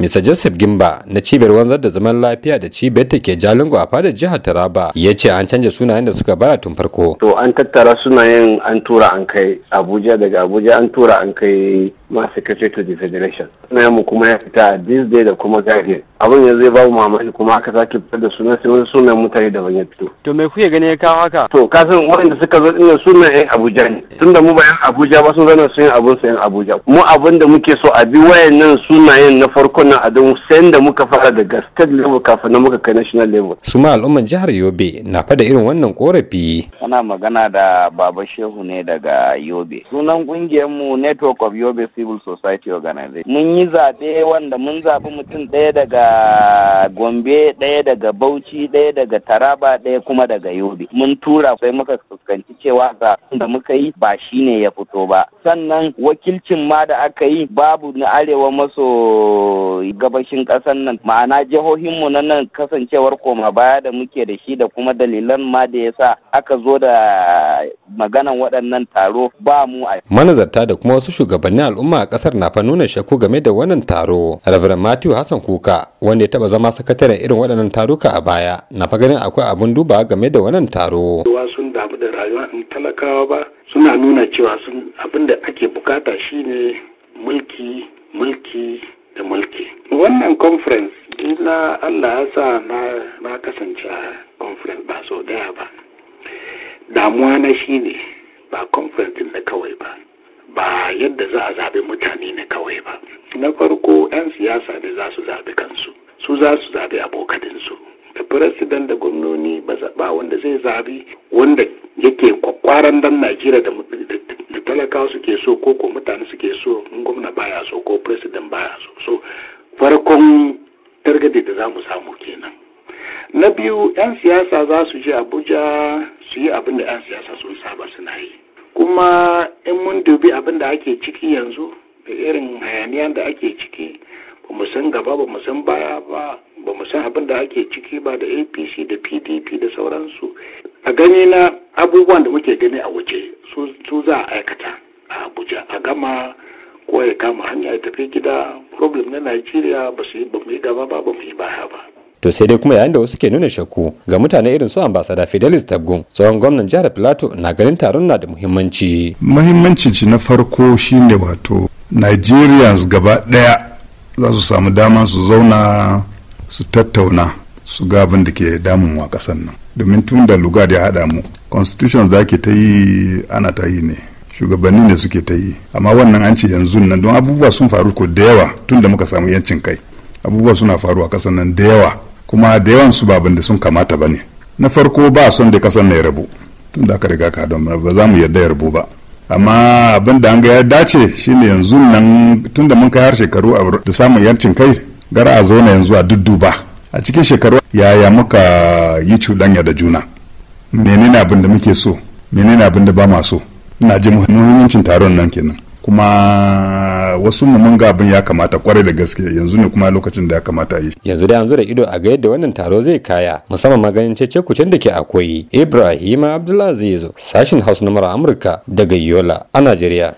Mr. Joseph Gimba na cibiyar wanzar da zaman lafiya da cibiyar ta ke Jalingo a fadar jihar Taraba ya ce an canja sunayen da suka bara tun farko. To an tattara sunayen an tura an kai Abuja daga Abuja an tura an kai ma secretary the federation mu kuma ya fita this day da kuma guardian abin yanzu ya babu mamaki kuma aka sake fitar da sunan sai wani sunan mutane daban ya fito to me kuke gani ya kawo haka to kasan san waɗanda suka zo dinnan sunan yan abuja ne tunda mu ba yan abuja ba sun zana sun yan abun yan abuja mu abin da muke so a bi wayannan sunayen na farkon na a don sayan da muka fara daga state level kafin na muka kai national level su ma al'umman jihar yobe na fada irin wannan korafi muna magana da Baba Shehu ne daga Yobe. Sunan mu Network of Yobe Civil Society Organization. Mun yi zaɓe wanda mun zaɓi mutum ɗaya daga Gombe, ɗaya daga Bauchi, ɗaya daga Taraba, ɗaya kuma daga Yobe. Mun tura sai muka fuskanci cewa zaɓen da muka yi ba shine ne ya fito ba. Sannan wakilcin ma da aka yi babu na arewa maso gabashin ƙasar nan ma'ana jihohinmu na nan kasancewar koma baya da muke da shi da kuma dalilan ma da yasa aka zo da maganan waɗannan taro ba mu a manazarta da kuma wasu shugabannin al'umma a ƙasar na fa nuna shakku game da wannan taro Reverend Matthew Hassan Kuka wanda ya taɓa zama sakataren irin waɗannan taruka a baya na fa ganin akwai abun duba game da wannan taro sun damu da rayuwa in talakawa ba suna nuna cewa sun abin da ake bukata shine mulki mulki da mulki wannan conference na Allah ya sa na kasance a conference ba sau daya ba damuwa na shine ba conference din na kawai ba ba yadda za a zaɓi mutane na kawai ba na farko 'yan siyasa ne za su zaɓi kansu su za su zaɓi abokaninsu da firasidan da gwamnoni ba wanda zai zabi wanda yake kwakwaran dan najeriya da talakawa suke so ko ko mutane suke so in gwamna baya so ko firasidan baya so so farkon targade da za mu samu kenan na biyu 'yan siyasa za su je abuja su yi abin da 'yan siyasa sun saba suna yi kuma in mun dubi abin da ake ciki yanzu da irin hayaniya da ake ciki ba mu san gaba ba mu san baya ba ba mu san abin da ake ciki ba da apc da pdp da sauransu a gani na abubuwan da muke gani a waje su za a aikata a abuja a gama ko ya kama hanya ya tafi gida problem na najeriya ba su yi ba mu yi gaba ba ba mu yi baya ba to sai dai kuma yayin da wasu ke nuna shakku ga mutane irin su ambasada fidelis tabgun tsohon gwamnan jihar plateau na ganin taron na da muhimmanci muhimmanci na farko shine wato nigerians gaba daya za su samu dama su zauna su tattauna su ga abin da ke wa kasan nan domin tun da lugard ya hada mu constitution da ake ta yi ana ta yi ne shugabanni ne suke ta yi amma wannan an ce yanzu nan don abubuwa sun faru ko da yawa tun da muka samu yancin kai abubuwa suna faruwa kasan nan da yawa kuma da yawan su babin da sun kamata ba ne na farko ba son da kasan ya rabu tun da aka riga ka don ba za mu yarda ya rabu ba amma abin da an ga ya dace shine yanzu nan tun da mun kai har shekaru a da samun yancin kai gara a zauna yanzu a dudduba a cikin shekaru yaya muka yi cuɗanya da juna menene abin da muke so menene abin da ba ma so ina ji muhimmancin taron nan kenan kuma wasu mun gabin ya kamata kwarai da gaske yanzu ne kuma lokacin da ya kamata yi yanzu da yanzu da ido a ga yadda wannan taro zai kaya musamman maganin cece kucin da ke akwai ibrahima abdulaziz sashin hausa na amurka daga yola a najeriya